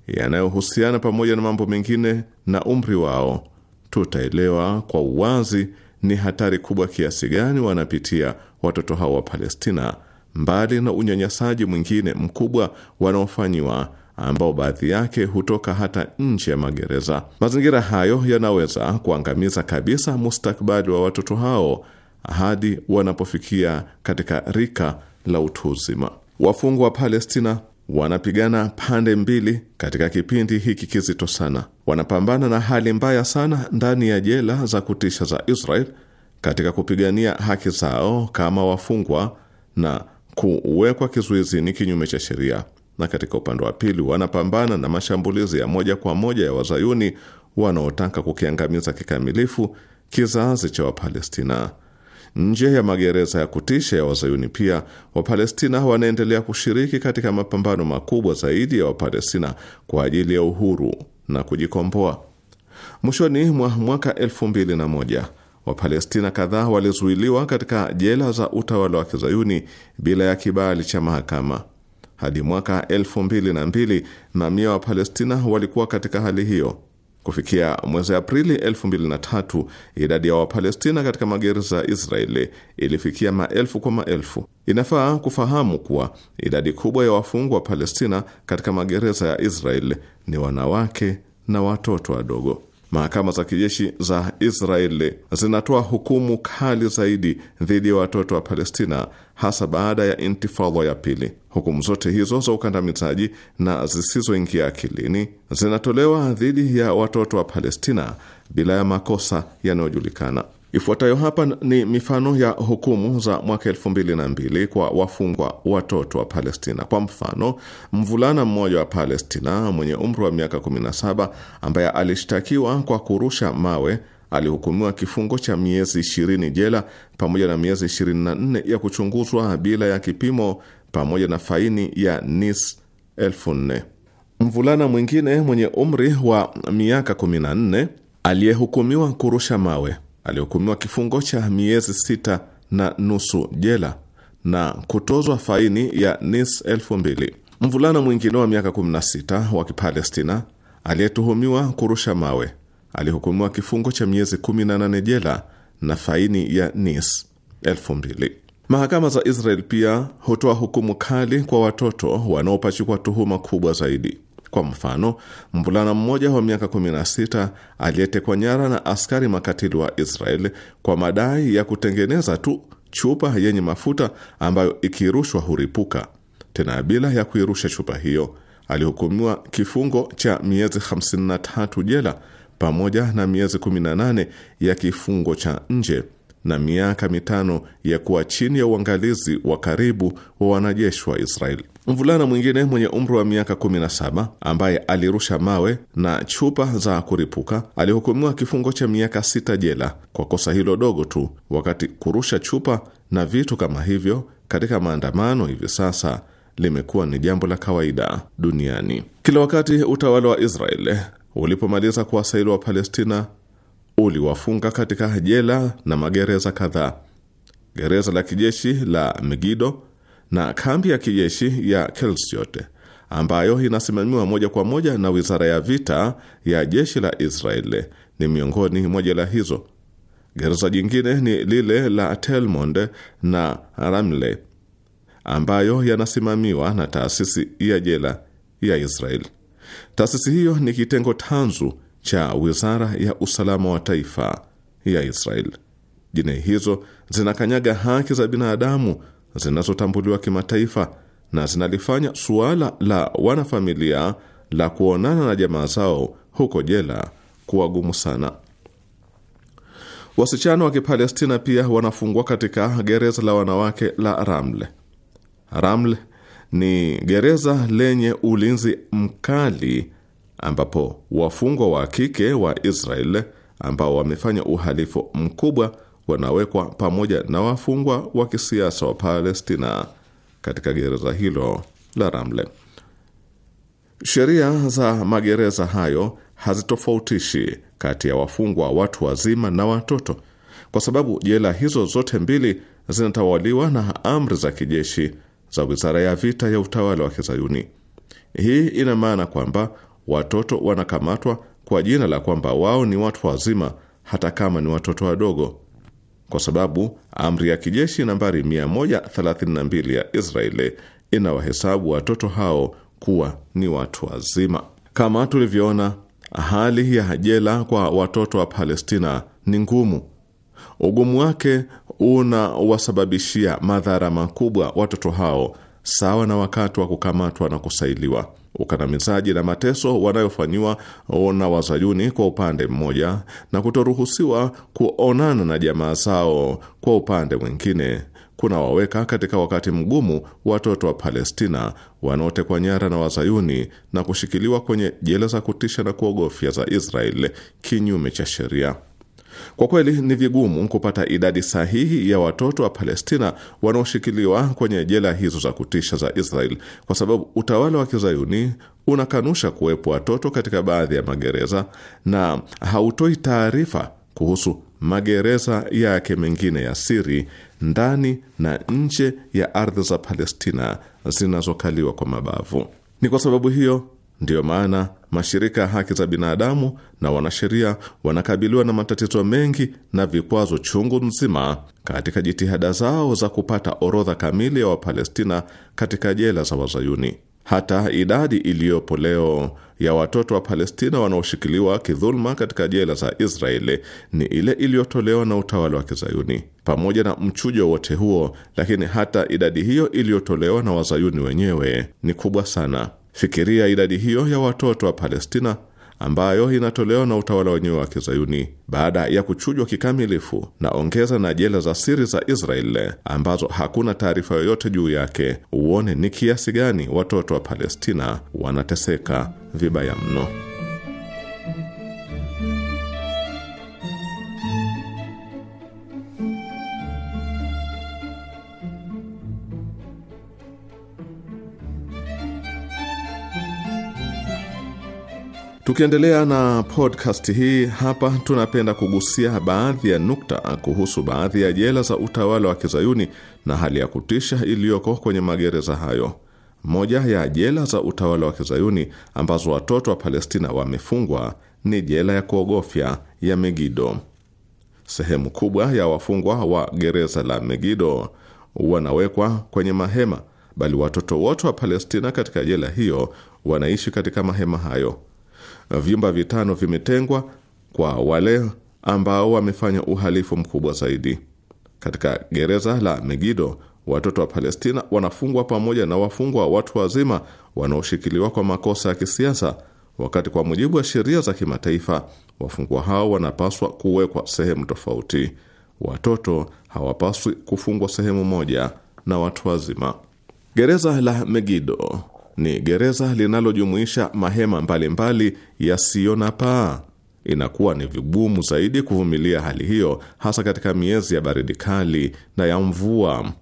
yanayohusiana, pamoja na mambo mengine na umri wao, tutaelewa kwa uwazi ni hatari kubwa kiasi gani wanapitia watoto hao wa Palestina, mbali na unyanyasaji mwingine mkubwa wanaofanyiwa ambao baadhi yake hutoka hata nje ya magereza. Mazingira hayo yanaweza kuangamiza kabisa mustakabali wa watoto hao hadi wanapofikia katika rika la utu uzima. Wafungwa wa Palestina wanapigana pande mbili katika kipindi hiki kizito sana. Wanapambana na hali mbaya sana ndani ya jela za kutisha za Israel katika kupigania haki zao kama wafungwa na kuwekwa kizuizini kinyume cha sheria, na katika upande wa pili wanapambana na mashambulizi ya moja kwa moja ya wazayuni wanaotaka kukiangamiza kikamilifu kizazi cha Wapalestina. Nje ya magereza ya kutisha ya Wazayuni, pia Wapalestina wanaendelea kushiriki katika mapambano makubwa zaidi ya Wapalestina kwa ajili ya uhuru na kujikomboa. Mwishoni mwa mwaka elfu mbili na moja Wapalestina kadhaa walizuiliwa katika jela za utawala wa kizayuni bila ya kibali cha mahakama hadi mwaka elfu mbili na mbili. Mamia wa Palestina walikuwa katika hali hiyo. Kufikia mwezi Aprili 2003 idadi ya Wapalestina katika magereza ya Israeli ilifikia maelfu kwa maelfu. Inafaa kufahamu kuwa idadi kubwa ya wafungwa wa Palestina katika magereza ya Israeli ni wanawake na watoto wadogo. Mahakama za kijeshi za Israeli zinatoa hukumu kali zaidi dhidi ya watoto wa Palestina hasa baada ya intifadha ya pili. Hukumu zote hizo za ukandamizaji na zisizoingia akilini zinatolewa dhidi ya watoto wa Palestina bila ya makosa yanayojulikana. Ifuatayo hapa ni mifano ya hukumu za mwaka elfu mbili na mbili kwa wafungwa watoto wa Palestina. Kwa mfano, mvulana mmoja wa Palestina mwenye umri wa miaka 17 ambaye alishtakiwa kwa kurusha mawe alihukumiwa kifungo cha miezi 20 jela pamoja na miezi 24 ya kuchunguzwa bila ya kipimo pamoja na faini ya nis elfu nne. Mvulana mwingine mwenye umri wa miaka 14 aliyehukumiwa kurusha mawe alihukumiwa kifungo cha miezi sita na nusu jela na kutozwa faini ya nis elfu mbili. Mvulana mwingine wa miaka 16 wa Kipalestina aliyetuhumiwa kurusha mawe alihukumiwa kifungo cha miezi 18 jela na faini ya nis elfu mbili. Mahakama za Israel pia hutoa hukumu kali kwa watoto wanaopachikwa tuhuma kubwa zaidi. Kwa mfano, mvulana mmoja wa miaka 16 aliyetekwa nyara na askari makatili wa Israel kwa madai ya kutengeneza tu chupa yenye mafuta ambayo ikirushwa huripuka, tena bila ya kuirusha chupa hiyo, alihukumiwa kifungo cha miezi 53 jela pamoja na miezi 18 ya kifungo cha nje na miaka mitano ya kuwa chini ya uangalizi wa karibu wa wanajeshi wa israel Mvulana mwingine mwenye umri wa miaka 17 ambaye alirusha mawe na chupa za kuripuka alihukumiwa kifungo cha miaka sita jela kwa kosa hilo dogo tu, wakati kurusha chupa na vitu kama hivyo katika maandamano hivi sasa limekuwa ni jambo la kawaida duniani. Kila wakati utawala wa Israel ulipomaliza kuwasaili wa Palestina uliwafunga katika jela na magereza kadhaa. Gereza la kijeshi la Megido na kambi ya kijeshi ya kelsiot ambayo inasimamiwa moja kwa moja na wizara ya vita ya jeshi la Israeli ni miongoni mwa jela hizo. Gereza jingine ni lile la Telmond na Ramle ambayo yanasimamiwa na taasisi ya jela ya Israeli. Taasisi hiyo ni kitengo tanzu cha Wizara ya Usalama wa Taifa ya Israel. Jinai hizo zinakanyaga haki za binadamu zinazotambuliwa kimataifa na zinalifanya suala la wanafamilia la kuonana na jamaa zao huko jela kuwa gumu sana. Wasichana wa Kipalestina pia wanafungwa katika gereza la wanawake la Ramle. Ramle ni gereza lenye ulinzi mkali ambapo wafungwa wa kike wa Israel ambao wamefanya uhalifu mkubwa wanawekwa pamoja na wafungwa wa kisiasa wa Palestina katika gereza hilo la Ramle. Sheria za magereza hayo hazitofautishi kati ya wafungwa watu wazima na watoto, kwa sababu jela hizo zote mbili zinatawaliwa na amri za kijeshi za wizara ya vita ya utawala wa Kizayuni. Hii ina maana kwamba watoto wanakamatwa kwa jina la kwamba wao ni watu wazima, hata kama ni watoto wadogo, kwa sababu amri ya kijeshi nambari 132 ya Israeli inawahesabu watoto hao kuwa ni watu wazima. Kama tulivyoona, hali ya jela kwa watoto wa Palestina ni ngumu Ugumu wake unawasababishia madhara makubwa watoto hao, sawa na wakati wa kukamatwa na kusailiwa. Ukandamizaji na mateso wanayofanyiwa na wazayuni kwa upande mmoja, na kutoruhusiwa kuonana na jamaa zao kwa upande mwingine kunawaweka katika wakati mgumu watoto wa Palestina wanaotekwa nyara na wazayuni na kushikiliwa kwenye jela za kutisha na kuogofya za Israel kinyume cha sheria. Kwa kweli ni vigumu kupata idadi sahihi ya watoto wa Palestina wanaoshikiliwa kwenye jela hizo za kutisha za Israel kwa sababu utawala wa kizayuni unakanusha kuwepo watoto katika baadhi ya magereza na hautoi taarifa kuhusu magereza yake mengine ya siri ndani na nje ya ardhi za Palestina zinazokaliwa kwa mabavu. Ni kwa sababu hiyo Ndiyo maana mashirika ya haki za binadamu na wanasheria wanakabiliwa na matatizo mengi na vikwazo chungu nzima katika jitihada zao za kupata orodha kamili ya Wapalestina katika jela za Wazayuni. Hata idadi iliyopo leo ya watoto wa Palestina wanaoshikiliwa kidhuluma katika jela za Israeli ni ile iliyotolewa na utawala wa Kizayuni. Pamoja na mchujo wote huo, lakini hata idadi hiyo iliyotolewa na Wazayuni wenyewe ni kubwa sana. Fikiria idadi hiyo ya watoto wa Palestina ambayo inatolewa na utawala wenyewe wa kizayuni baada ya kuchujwa kikamilifu, na ongeza na jela za siri za Israel ambazo hakuna taarifa yoyote juu yake, uone ni kiasi gani watoto wa Palestina wanateseka vibaya mno. Tukiendelea na podcast hii hapa, tunapenda kugusia baadhi ya nukta kuhusu baadhi ya jela za utawala wa kizayuni na hali ya kutisha iliyoko kwenye magereza hayo. Moja ya jela za utawala wa kizayuni ambazo watoto wa Palestina wamefungwa ni jela ya kuogofya ya Megido. Sehemu kubwa ya wafungwa wa gereza la Megido wanawekwa kwenye mahema, bali watoto wote wa Palestina katika jela hiyo wanaishi katika mahema hayo vyumba vitano vimetengwa kwa wale ambao wamefanya uhalifu mkubwa zaidi. Katika gereza la Megido, watoto wa Palestina wanafungwa pamoja na wafungwa watu wazima wanaoshikiliwa kwa makosa ya kisiasa, wakati kwa mujibu wa sheria za kimataifa wafungwa hao wanapaswa kuwekwa sehemu tofauti. Watoto hawapaswi kufungwa sehemu moja na watu wazima. Gereza la Megido ni gereza linalojumuisha mahema mbalimbali yasiyo na paa. Inakuwa ni vigumu zaidi kuvumilia hali hiyo, hasa katika miezi ya baridi kali na ya mvua.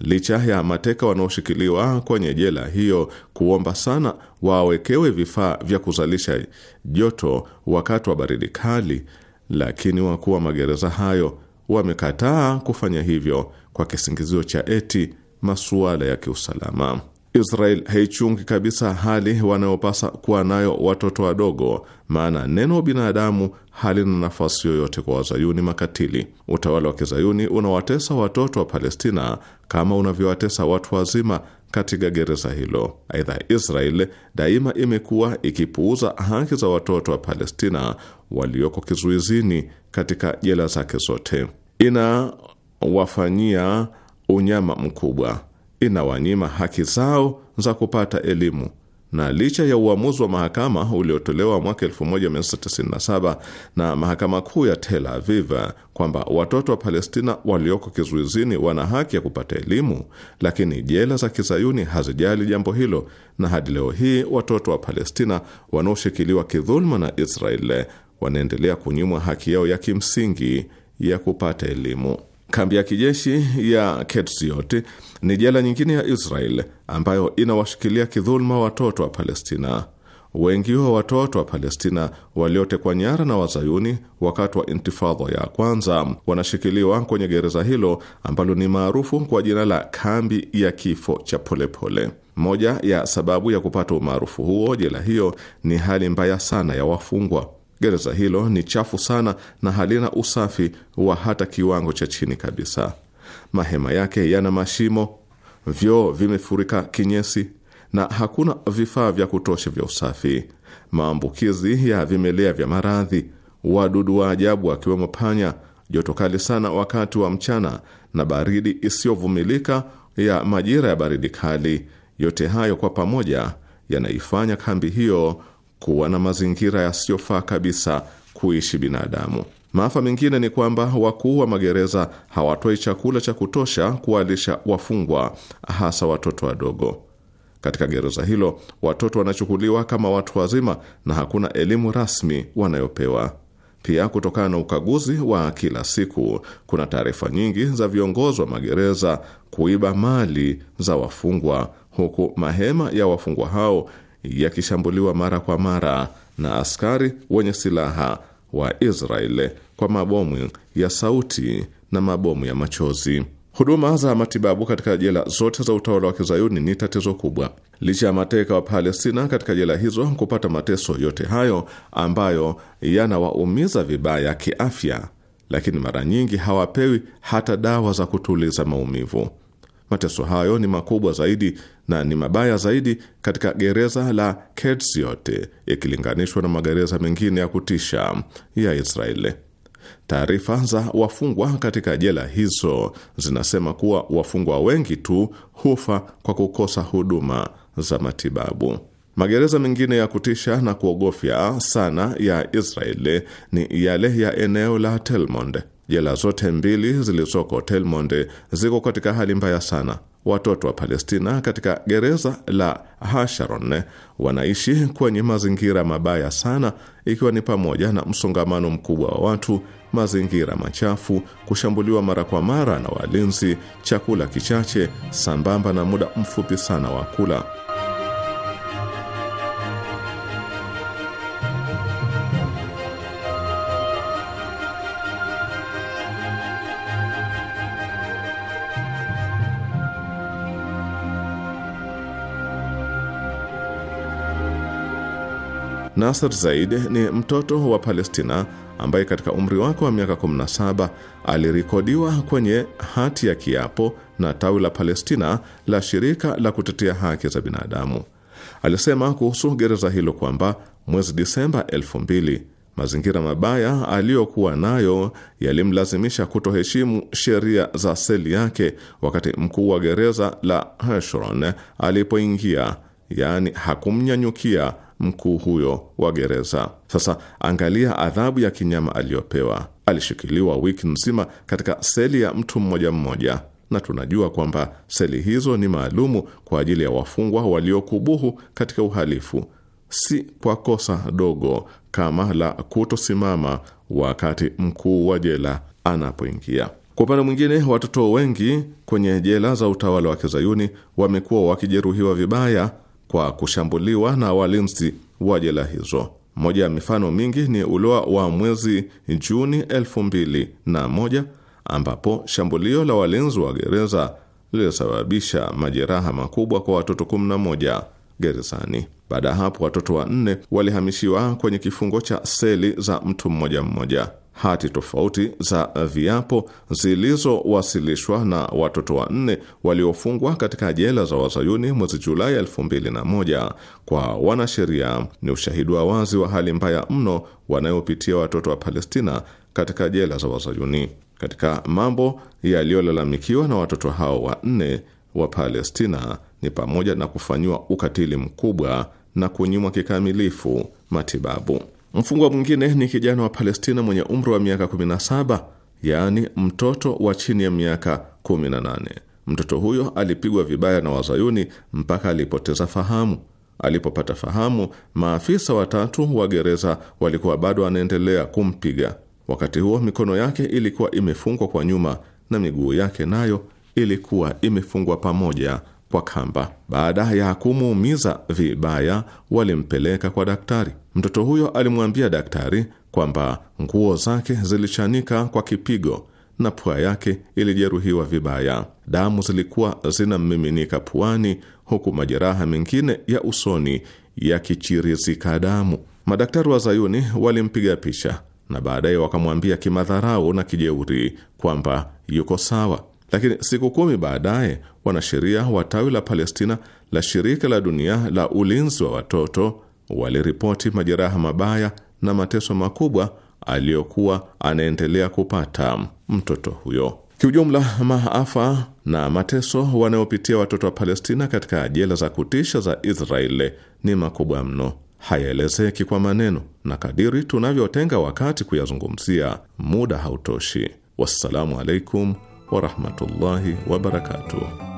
Licha ya mateka wanaoshikiliwa kwenye jela hiyo kuomba sana wawekewe vifaa vya kuzalisha joto wakati wa baridi kali, lakini wakuu wa magereza hayo wamekataa kufanya hivyo kwa kisingizio cha eti masuala ya kiusalama. Israel haichungi kabisa hali wanayopasa kuwa nayo watoto wadogo, maana neno binadamu halina nafasi yoyote kwa wazayuni makatili. Utawala wa kizayuni unawatesa watoto wa Palestina kama unavyowatesa watu wazima katika gereza hilo. Aidha, Israel daima imekuwa ikipuuza haki za watoto wa Palestina walioko kizuizini katika jela zake zote, inawafanyia unyama mkubwa inawanyima haki zao za kupata elimu na licha ya uamuzi wa mahakama uliotolewa mwaka 1997 na mahakama kuu ya Tel Aviv kwamba watoto wa Palestina walioko kizuizini wana haki ya kupata elimu, lakini jela za kizayuni hazijali jambo hilo, na hadi leo hii watoto wa Palestina wanaoshikiliwa kidhuluma na Israel wanaendelea kunyimwa haki yao ya kimsingi ya kupata elimu. Kambi ya kijeshi ya Ketziot ni jela nyingine ya Israel ambayo inawashikilia kidhuluma watoto wa Palestina. Wengi wa watoto wa Palestina waliotekwa nyara na wazayuni wakati wa intifadha ya kwanza wanashikiliwa kwenye gereza hilo ambalo ni maarufu kwa jina la kambi ya kifo cha polepole. Moja ya sababu ya kupata umaarufu huo jela hiyo ni hali mbaya sana ya wafungwa. Gereza hilo ni chafu sana na halina usafi wa hata kiwango cha chini kabisa. Mahema yake yana mashimo, vyoo vimefurika kinyesi na hakuna vifaa vya kutosha vya usafi. Maambukizi ya vimelea vya maradhi, wadudu wa ajabu wakiwemo panya, joto kali sana wakati wa mchana na baridi isiyovumilika ya majira ya baridi kali, yote hayo kwa pamoja yanaifanya kambi hiyo kuwa na mazingira yasiyofaa kabisa kuishi binadamu. Maafa mengine ni kwamba wakuu wa magereza hawatoi chakula cha kutosha kuwalisha wafungwa, hasa watoto wadogo. Katika gereza hilo watoto wanachukuliwa kama watu wazima na hakuna elimu rasmi wanayopewa. Pia, kutokana na ukaguzi wa kila siku, kuna taarifa nyingi za viongozi wa magereza kuiba mali za wafungwa, huku mahema ya wafungwa hao yakishambuliwa mara kwa mara na askari wenye silaha wa Israel kwa mabomu ya sauti na mabomu ya machozi. Huduma za matibabu katika jela zote za utawala wa kizayuni ni tatizo kubwa. Licha ya mateka wa Palestina katika jela hizo kupata mateso yote hayo ambayo yanawaumiza vibaya kiafya, lakini mara nyingi hawapewi hata dawa za kutuliza maumivu. Mateso hayo ni makubwa zaidi na ni mabaya zaidi katika gereza la Ketziot ikilinganishwa na magereza mengine ya kutisha ya Israeli. Taarifa za wafungwa katika jela hizo zinasema kuwa wafungwa wengi tu hufa kwa kukosa huduma za matibabu. Magereza mengine ya kutisha na kuogofya sana ya Israeli ni yale ya eneo la Telmonde. Jela zote mbili zilizoko Telmonde ziko katika hali mbaya sana. Watoto wa Palestina katika gereza la Hasharon wanaishi kwenye mazingira mabaya sana, ikiwa ni pamoja na msongamano mkubwa wa watu, mazingira machafu, kushambuliwa mara kwa mara na walinzi, chakula kichache, sambamba na muda mfupi sana wa kula. Nasser Zaid ni mtoto wa Palestina ambaye katika umri wake wa miaka 17 alirekodiwa kwenye hati ya kiapo na tawi la Palestina la shirika la kutetea haki za binadamu. Alisema kuhusu gereza hilo kwamba mwezi Disemba 2000 mazingira mabaya aliyokuwa nayo yalimlazimisha kutoheshimu sheria za seli yake wakati mkuu wa gereza la Heshron alipoingia, yaani hakumnyanyukia mkuu huyo wa gereza. Sasa angalia adhabu ya kinyama aliyopewa. Alishikiliwa wiki nzima katika seli ya mtu mmoja mmoja, na tunajua kwamba seli hizo ni maalumu kwa ajili ya wafungwa waliokubuhu katika uhalifu, si kwa kosa dogo kama la kutosimama wakati mkuu wa jela anapoingia. Kwa upande mwingine, watoto wengi kwenye jela za utawala wa kizayuni wamekuwa wakijeruhiwa vibaya kwa kushambuliwa na walinzi wa jela hizo. Moja ya mifano mingi ni uloa wa mwezi Juni elfu mbili na moja ambapo shambulio la walinzi wa gereza lilisababisha majeraha makubwa kwa watoto 11 gerezani. Baada ya hapo, watoto wanne walihamishiwa kwenye kifungo cha seli za mtu mmoja mmoja hati tofauti za viapo zilizowasilishwa na watoto wanne waliofungwa katika jela za wazayuni mwezi Julai 2001 kwa wanasheria ni ushahidi wa wazi wa hali mbaya mno wanayopitia watoto wa Palestina katika jela za wazayuni. Katika mambo yaliyolalamikiwa na watoto hao wanne wa Palestina ni pamoja na kufanyiwa ukatili mkubwa na kunyimwa kikamilifu matibabu. Mfungwa mwingine ni kijana wa Palestina mwenye umri wa miaka 17, yaani mtoto wa chini ya miaka 18. Mtoto huyo alipigwa vibaya na wazayuni mpaka alipoteza fahamu. Alipopata fahamu, maafisa watatu wa gereza walikuwa bado wanaendelea kumpiga. Wakati huo mikono yake ilikuwa imefungwa kwa nyuma na miguu yake nayo ilikuwa imefungwa pamoja kwa kamba. Baada ya kumuumiza vibaya, walimpeleka kwa daktari. Mtoto huyo alimwambia daktari kwamba nguo zake zilichanika kwa kipigo na pua yake ilijeruhiwa vibaya. Damu zilikuwa zinammiminika puani, huku majeraha mengine ya usoni yakichirizika damu. Madaktari wa Zayuni walimpiga picha na baadaye wakamwambia kimadharau na kijeuri kwamba yuko sawa. Lakini siku kumi baadaye wanasheria wa tawi la Palestina la shirika la dunia la ulinzi wa watoto waliripoti majeraha mabaya na mateso makubwa aliyokuwa anaendelea kupata mtoto huyo. Kiujumla, maafa na mateso wanayopitia watoto wa Palestina katika jela za kutisha za Israeli ni makubwa mno, hayaelezeki kwa maneno, na kadiri tunavyotenga wakati kuyazungumzia, muda hautoshi. Wassalamu alaikum ورحمه الله وبركاته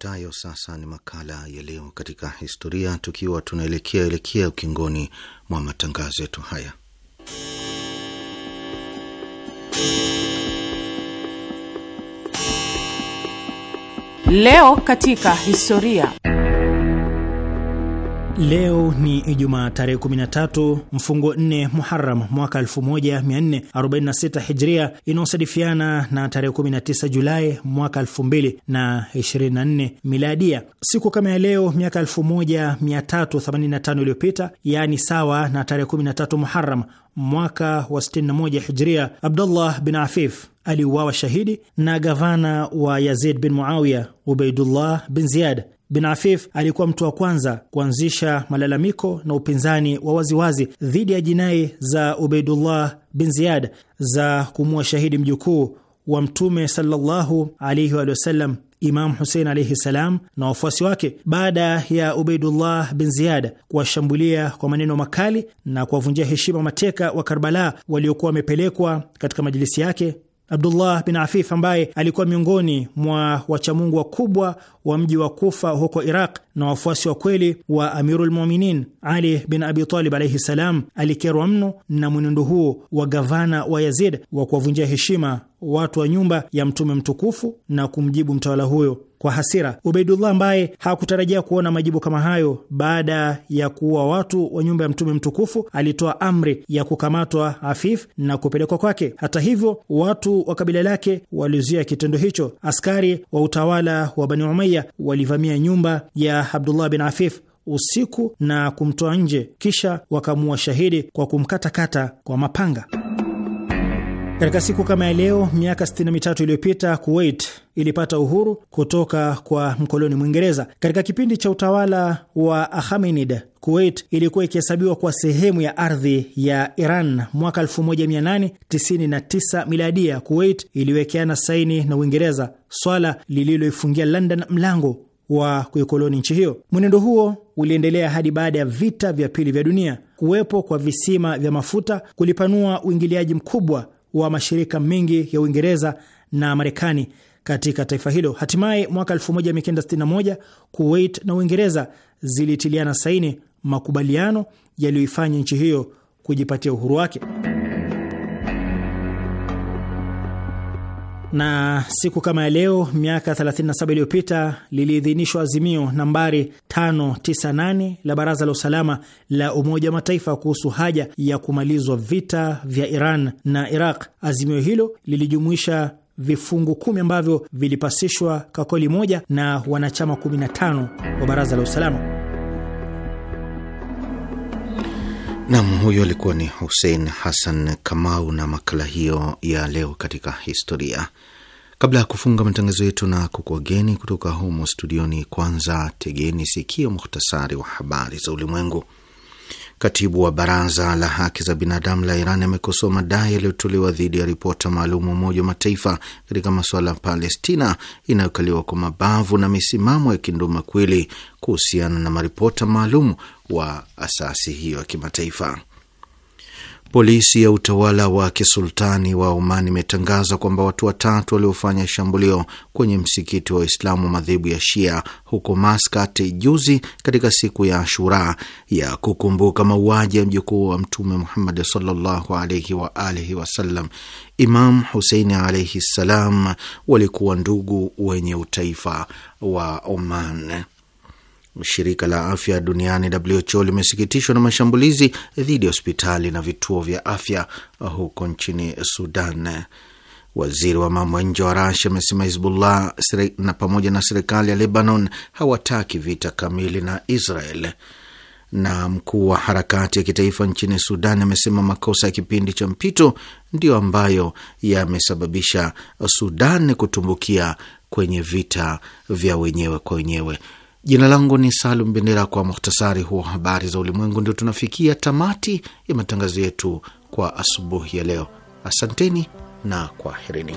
Ifuatayo sasa ni makala ya leo katika historia, tukiwa tunaelekea elekea ukingoni mwa matangazo yetu haya. Leo katika historia Leo ni Ijumaa tarehe 13 mfungo 4 muharam mwaka 1446 Hijria, inayosadifiana na tarehe 19 Julai mwaka 2024 Miladia. Siku kama ya leo miaka 1385 iliyopita, yaani sawa na tarehe 13 muharam mwaka wa 61 Hijria, Abdullah bin Afif aliuawa shahidi na gavana wa Yazid bin Muawiya, Ubaidullah bin Ziyad Bin Afif alikuwa mtu wa kwanza kuanzisha malalamiko na upinzani wa waziwazi dhidi ya jinai za Ubeidullah bin Ziyad za kumua shahidi mjukuu wa Mtume sallallahu alaihi wasallam Imam Husein alaihi salam na wafuasi wake, baada ya Ubeidullah bin Ziyad kuwashambulia kwa maneno makali na kuwavunjia heshima mateka wa Karbala waliokuwa wamepelekwa katika majilisi yake. Abdullah bin Afif ambaye alikuwa miongoni mwa wachamungu wakubwa wa mji wa Kufa huko Iraq na wafuasi wa kweli wa amirulmuminin Ali bin abitalib alaihi salam, alikerwa mno na mwenendo huo wa gavana wa Yazid wa kuwavunjia heshima watu wa nyumba ya mtume mtukufu na kumjibu mtawala huyo kwa hasira. Ubeidullah ambaye hakutarajia kuona majibu kama hayo baada ya kuua watu wa nyumba ya mtume mtukufu, alitoa amri ya kukamatwa Afif na kupelekwa kwake. Hata hivyo, watu wa kabila lake walizuia kitendo hicho. Askari wa utawala wa Bani Umaya walivamia nyumba ya Abdullah bin Afif usiku na kumtoa nje, kisha wakamua shahidi kwa kumkatakata kwa mapanga. Katika siku kama ya leo miaka 63 iliyopita Kuwait ilipata uhuru kutoka kwa mkoloni Mwingereza. Katika kipindi cha utawala wa ahamenid Kuwait ilikuwa ikihesabiwa kwa sehemu ya ardhi ya Iran. Mwaka 1899 miladia, Kuwait iliwekeana saini na Uingereza, swala lililoifungia London mlango wa kuikoloni nchi hiyo. Mwenendo huo uliendelea hadi baada ya vita vya pili vya dunia. Kuwepo kwa visima vya mafuta kulipanua uingiliaji mkubwa wa mashirika mengi ya Uingereza na Marekani katika taifa hilo. Hatimaye mwaka 1961 Kuwait na Uingereza zilitiliana saini makubaliano yaliyoifanya nchi hiyo kujipatia uhuru wake. na siku kama ya leo miaka 37 iliyopita liliidhinishwa azimio nambari 598 la Baraza la Usalama la Umoja wa Mataifa kuhusu haja ya kumalizwa vita vya Iran na Iraq. Azimio hilo lilijumuisha vifungu kumi ambavyo vilipasishwa kwa kauli moja na wanachama 15 wa Baraza la Usalama. Nam, huyo alikuwa ni Hussein Hassan Kamau na makala hiyo ya leo katika historia. Kabla ya kufunga matangazo yetu na kukuageni kutoka humo studioni, kwanza tegeni sikio muhtasari wa habari za ulimwengu. Katibu wa baraza la haki za binadamu la Iran amekosoa madai yaliyotolewa dhidi ya ripota maalum wa Umoja wa Mataifa katika masuala ya Palestina inayokaliwa kwa mabavu na misimamo ya kinduma kweli kuhusiana na maripota maalum wa asasi hiyo ya kimataifa. Polisi ya utawala wa kisultani wa Oman imetangaza kwamba watu watatu waliofanya shambulio kwenye msikiti wa Waislamu wa madhehebu ya Shia huko Maskat juzi katika siku ya Ashura ya kukumbuka mauaji ya mjukuu wa Mtume Muhammad sallallahu alaihi wa alihi wasallam, Imam Huseini alaihi ssalam, walikuwa ndugu wenye utaifa wa Oman. Shirika la afya duniani WHO limesikitishwa na mashambulizi dhidi ya hospitali na vituo vya afya huko nchini Sudan. Waziri wa mambo ya nje wa Rasia amesema Hizbullah na pamoja na serikali ya Lebanon hawataki vita kamili na Israel. Na mkuu wa harakati ya kitaifa nchini Sudan amesema makosa ya kipindi cha mpito ndiyo ambayo yamesababisha Sudan kutumbukia kwenye vita vya wenyewe kwa wenyewe. Jina langu ni Salum Bendera. Kwa muhtasari huo habari za ulimwengu, ndio tunafikia tamati ya matangazo yetu kwa asubuhi ya leo. Asanteni na kwaherini.